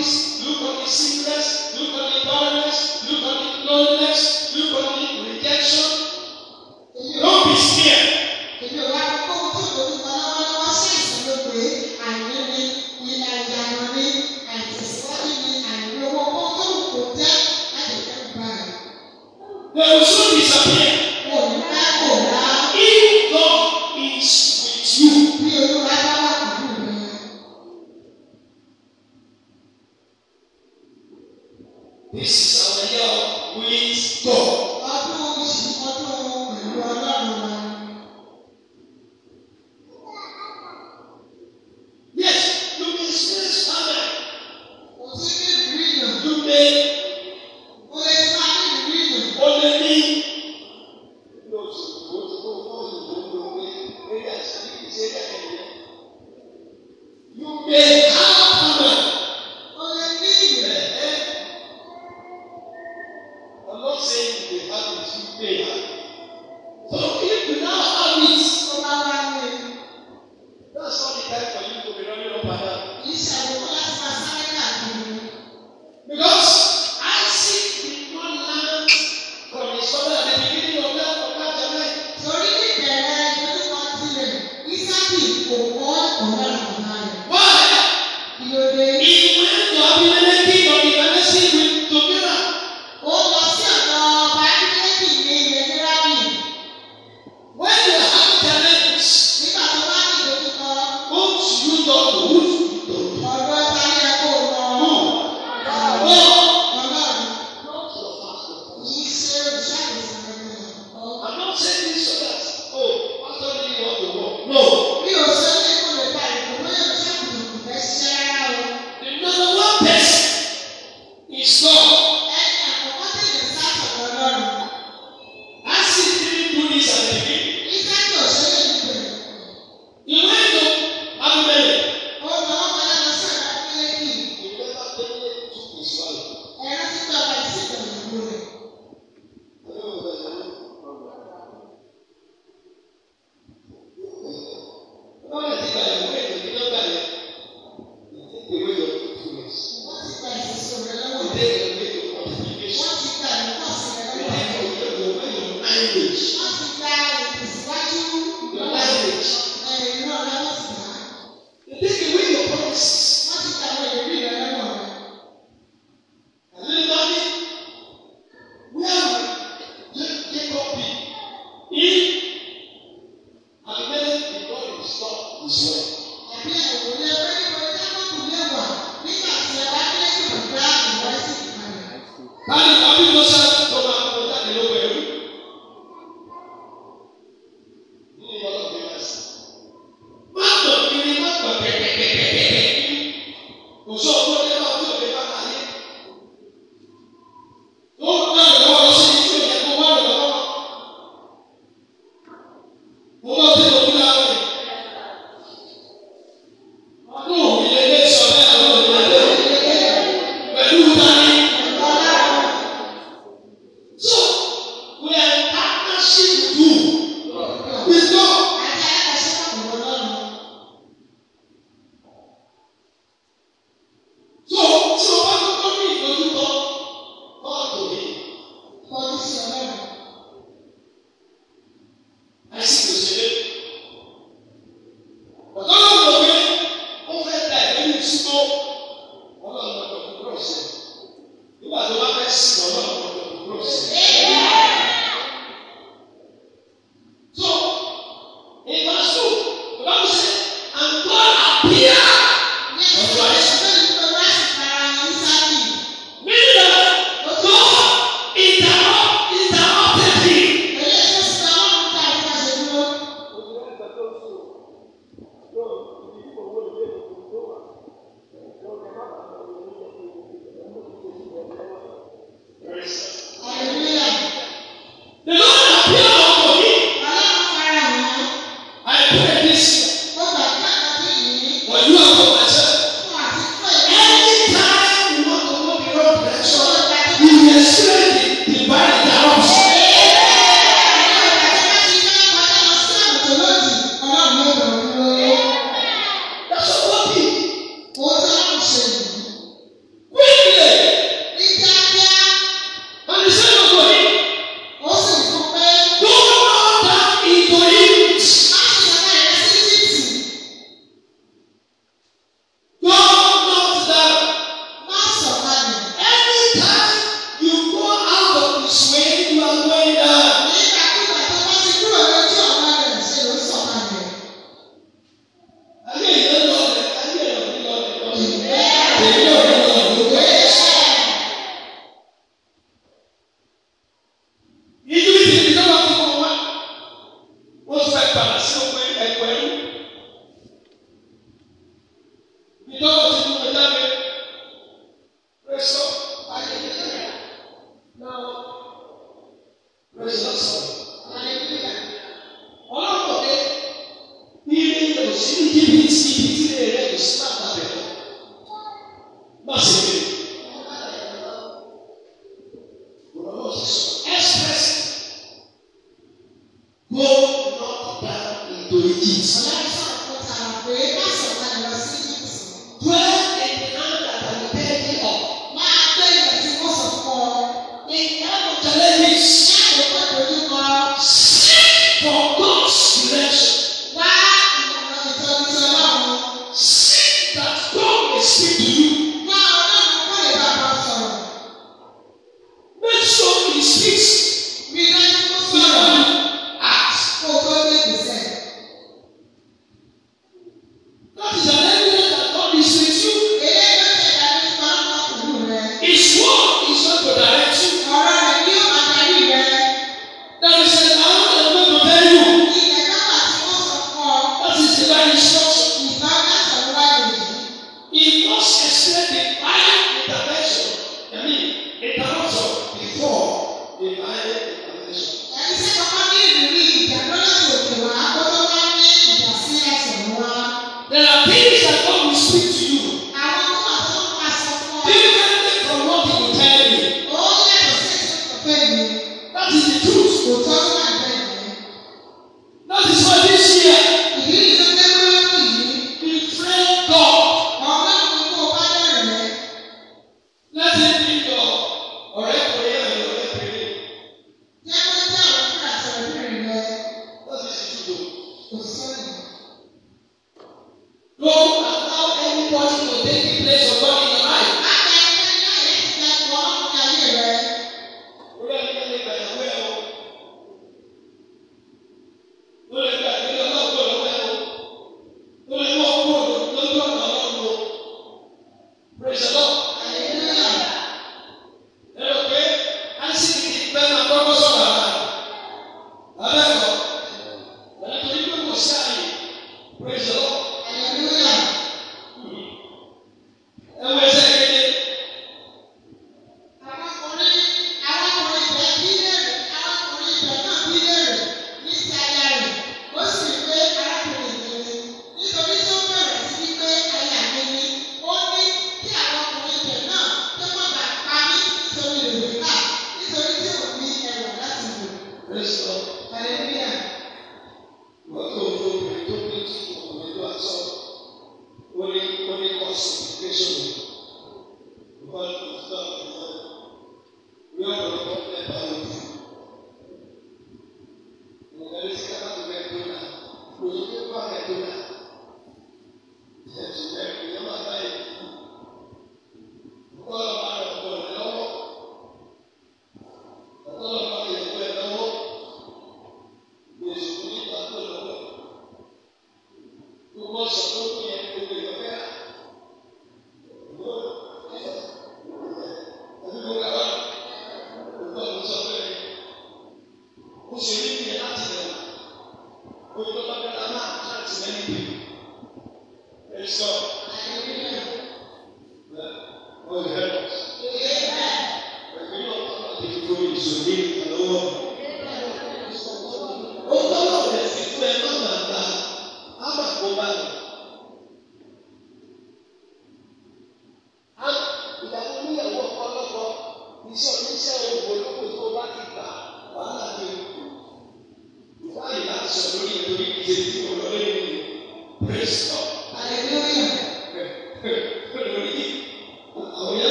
this, look on the sickness, look on the barrenness, look on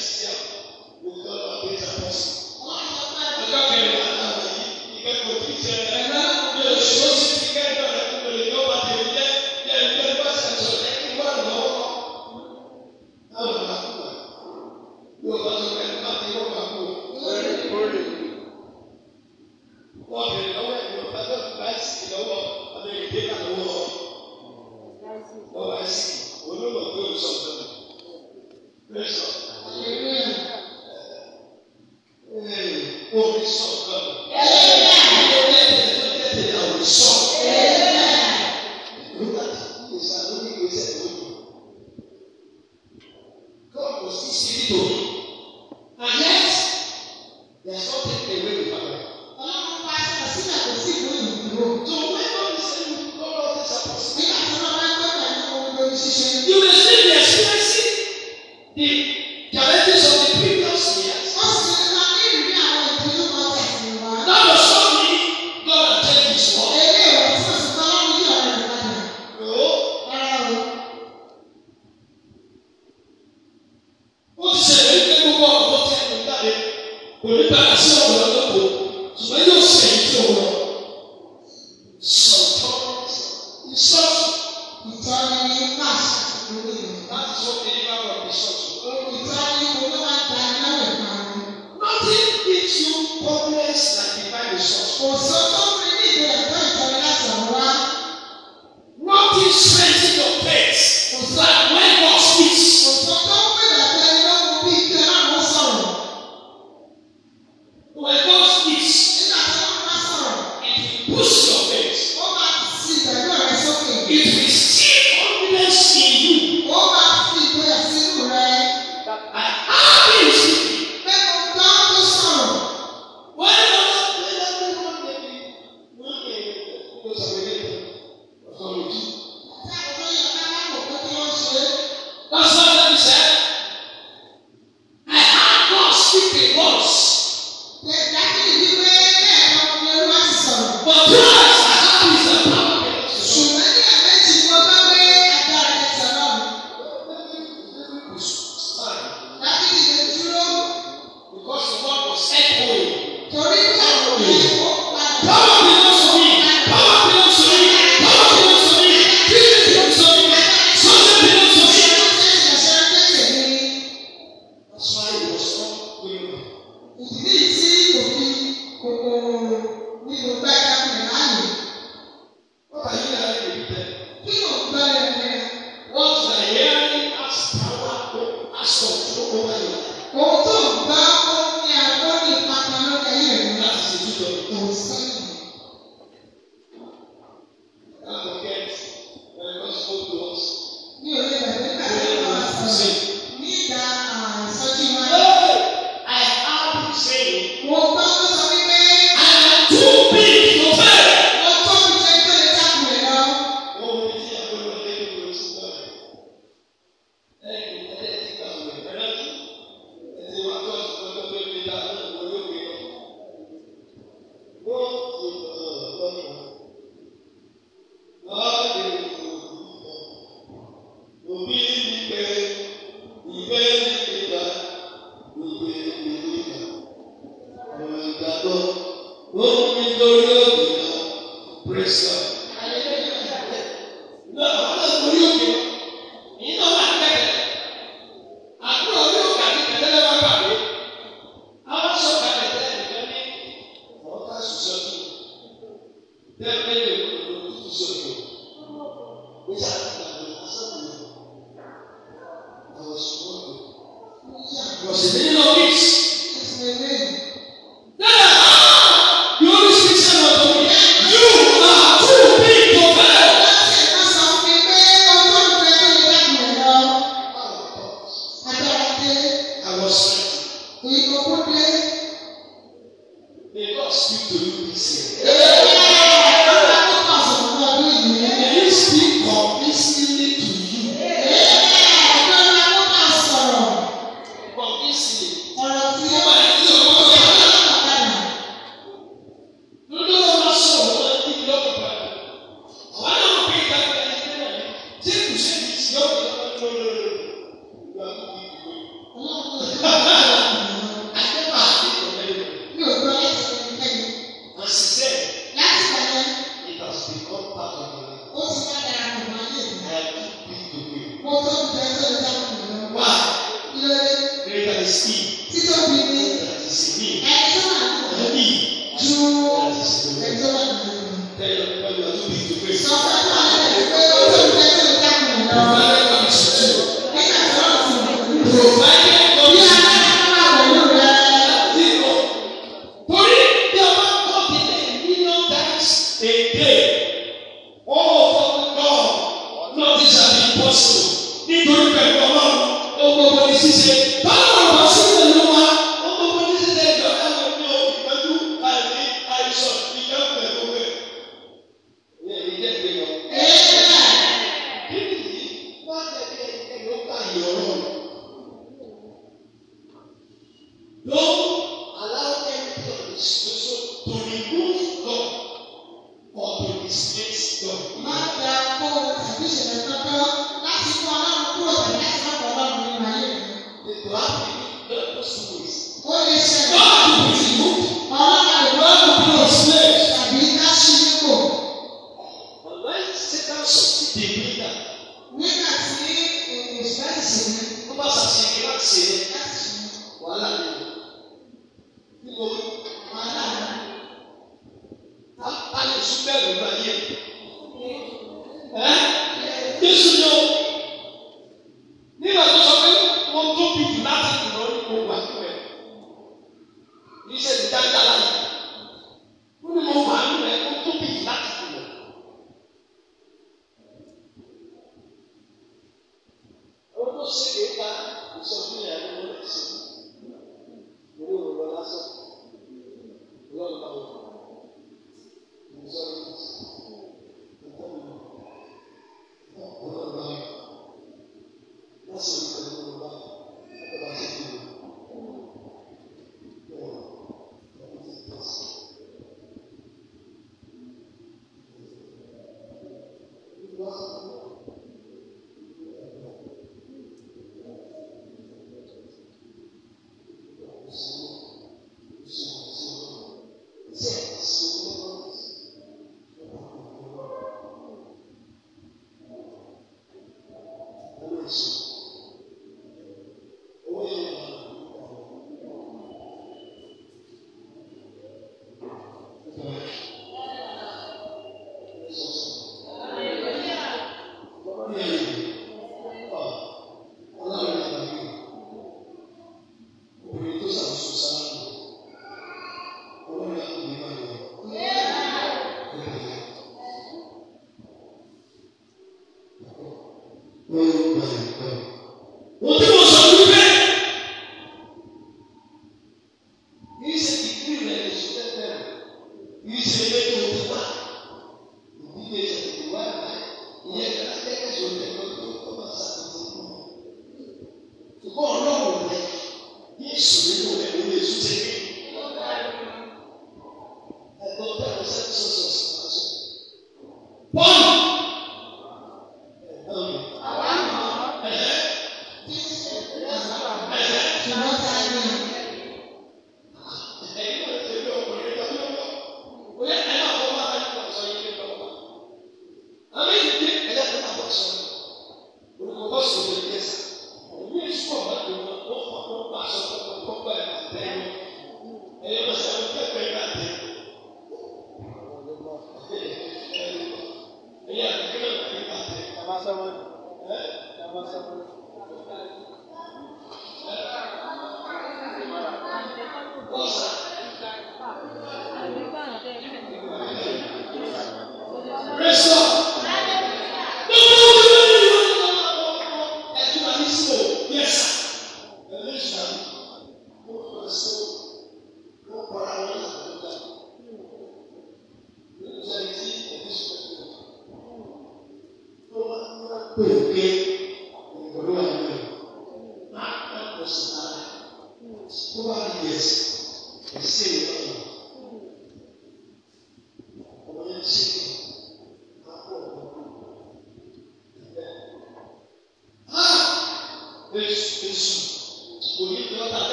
Cristiano.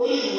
Oh, i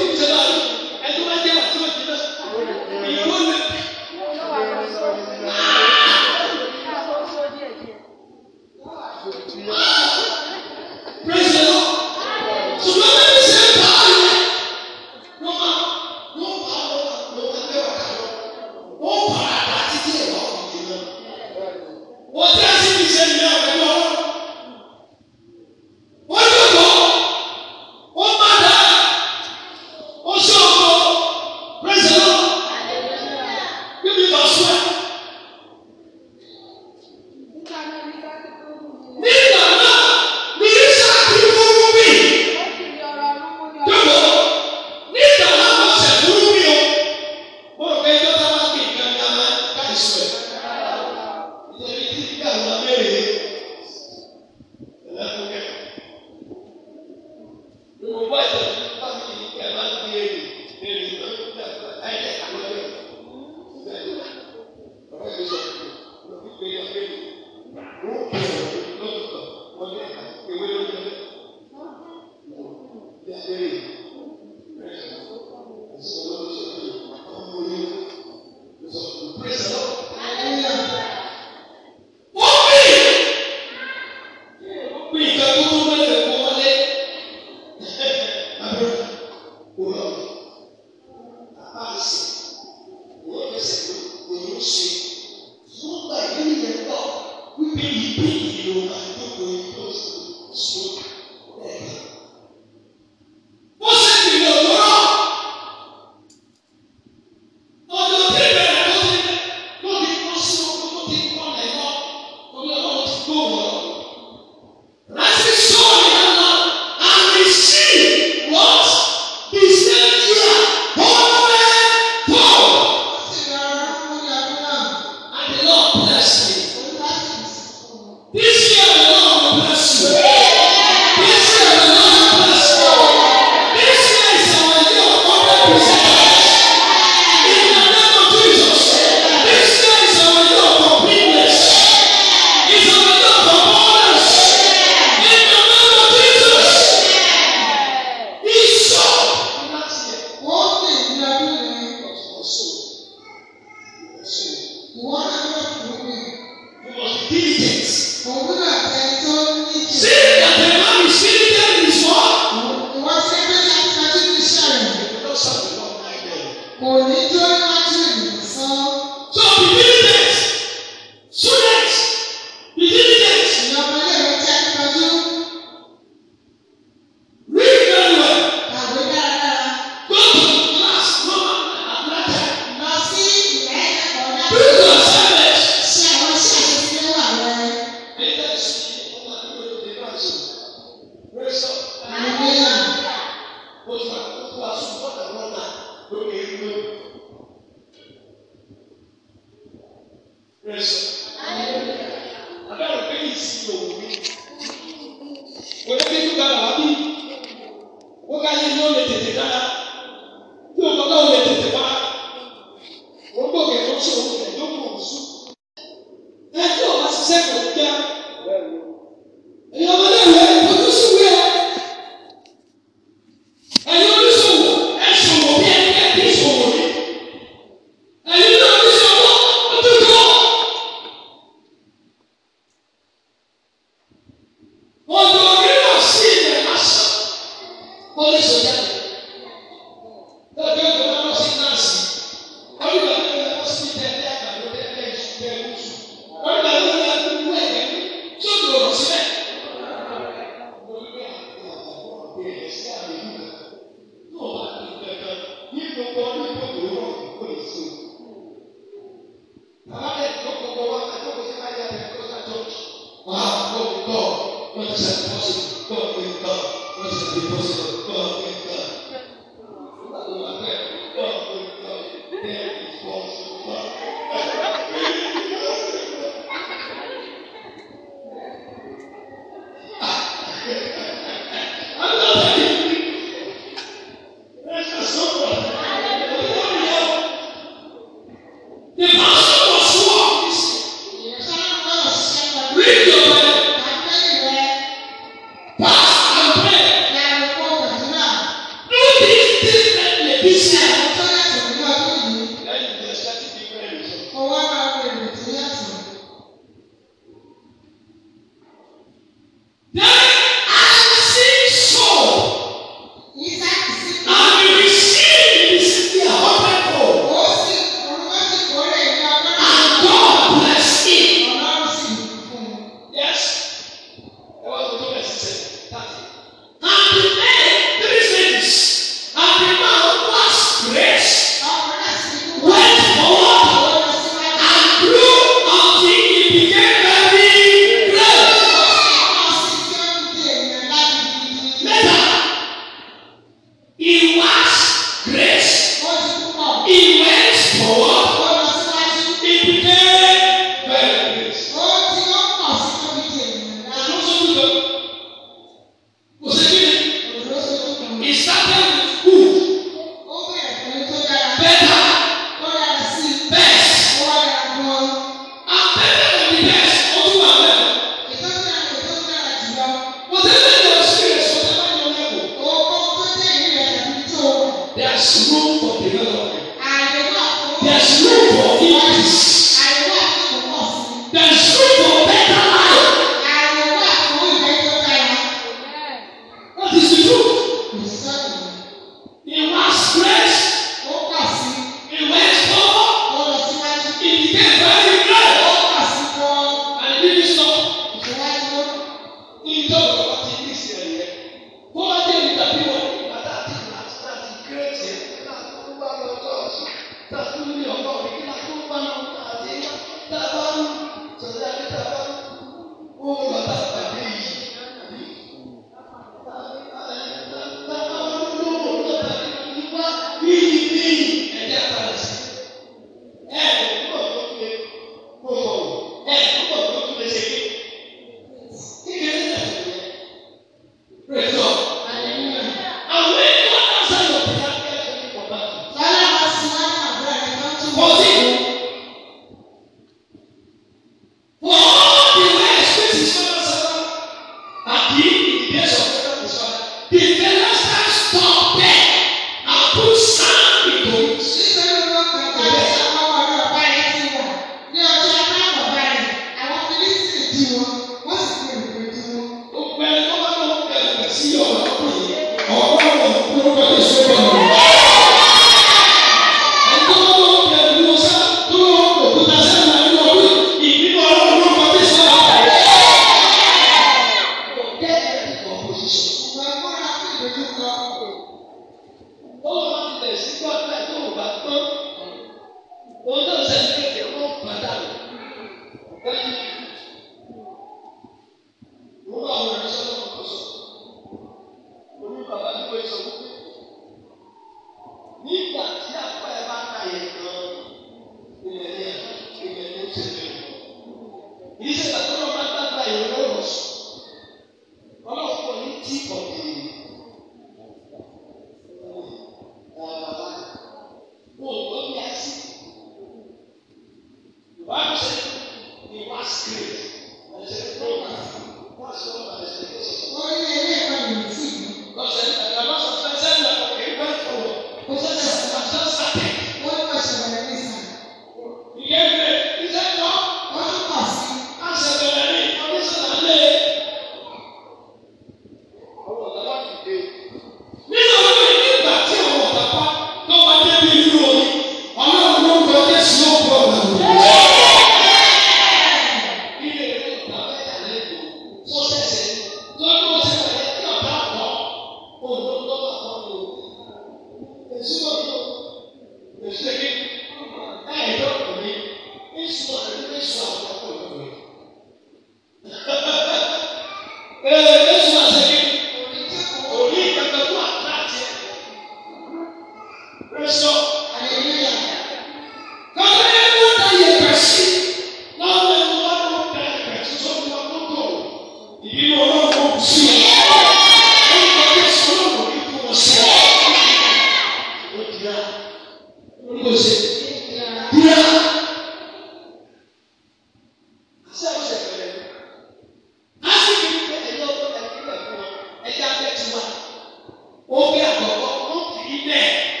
耶。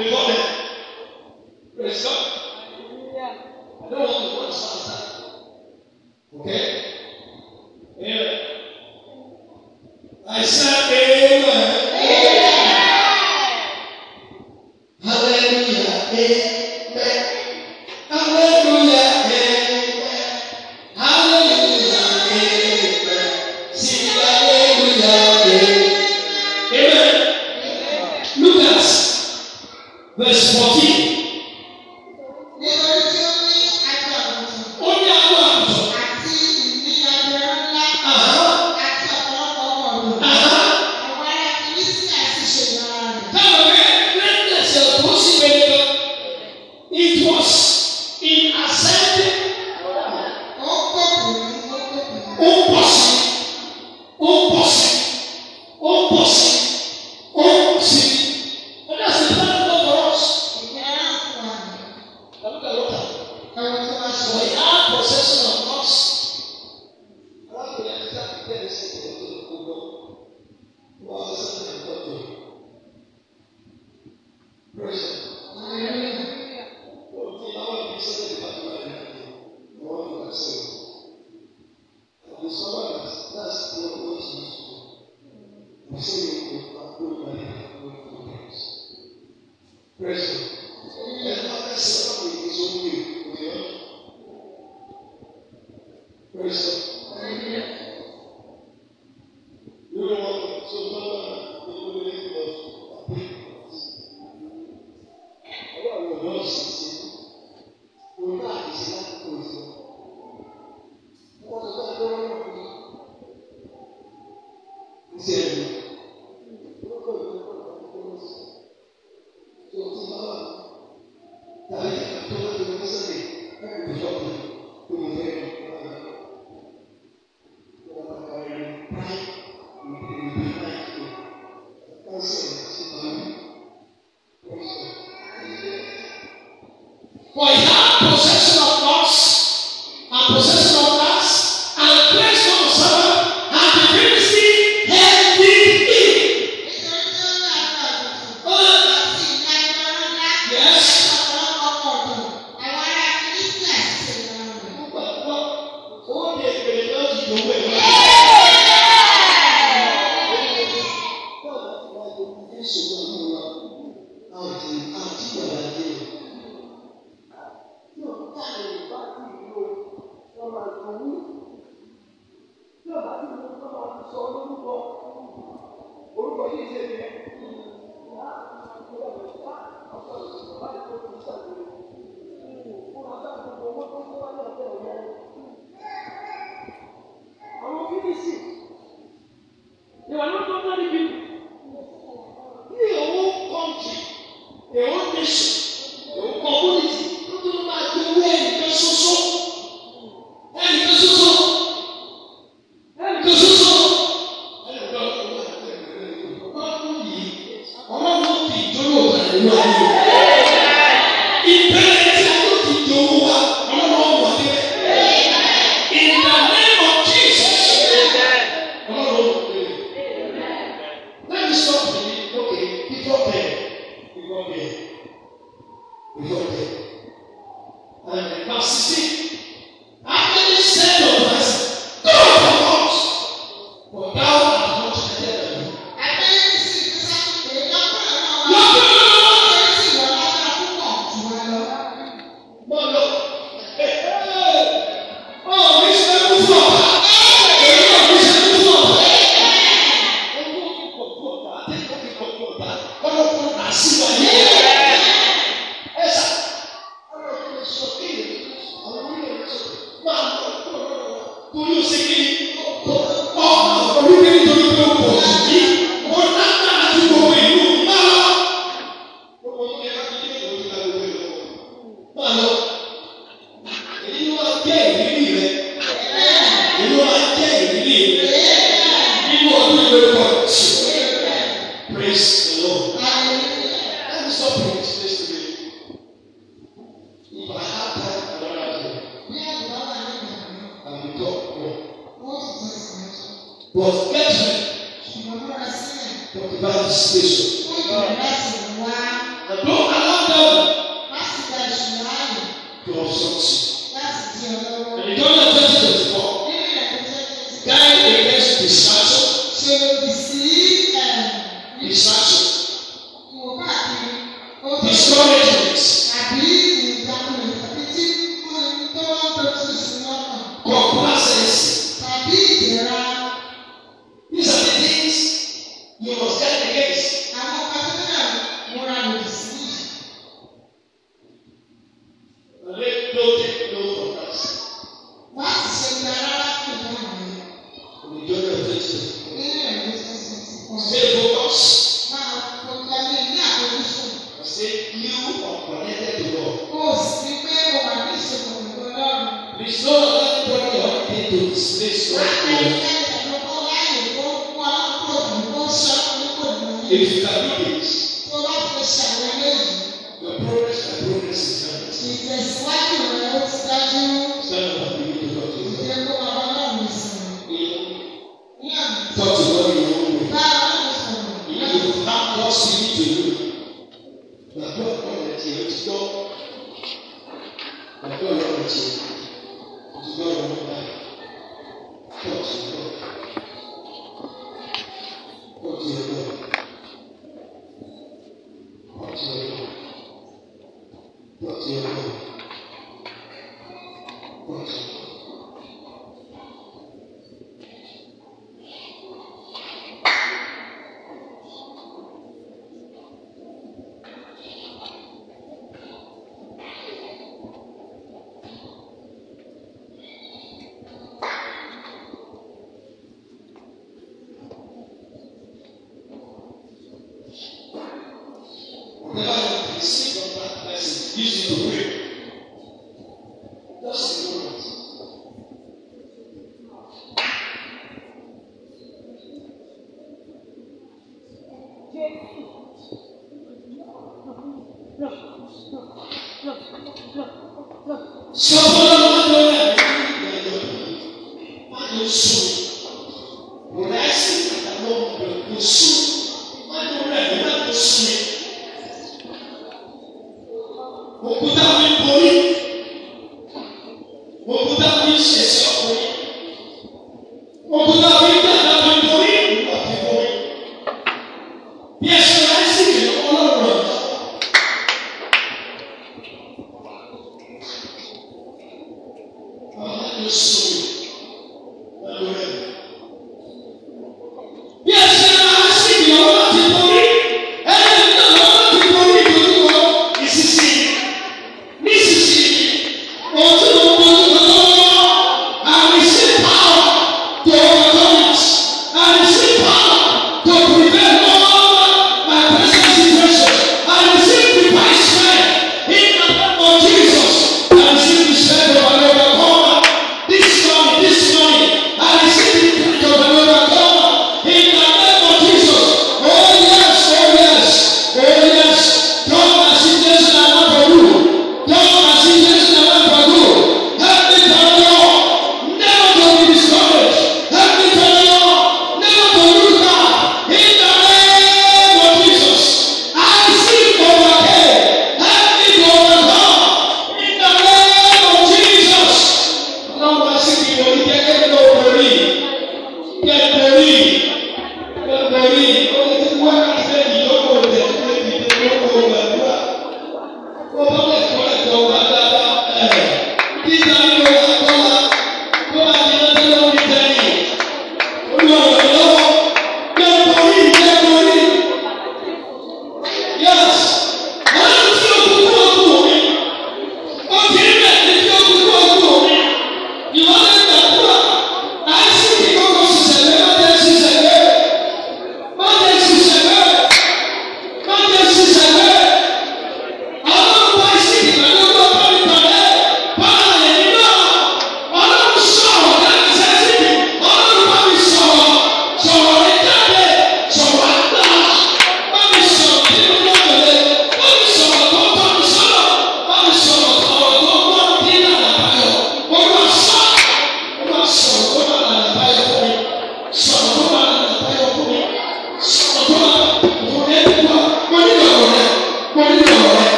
They got it. Praise God. Deus.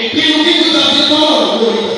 ìpinnu kíkú tàbí tọ́ọ̀rù lórí.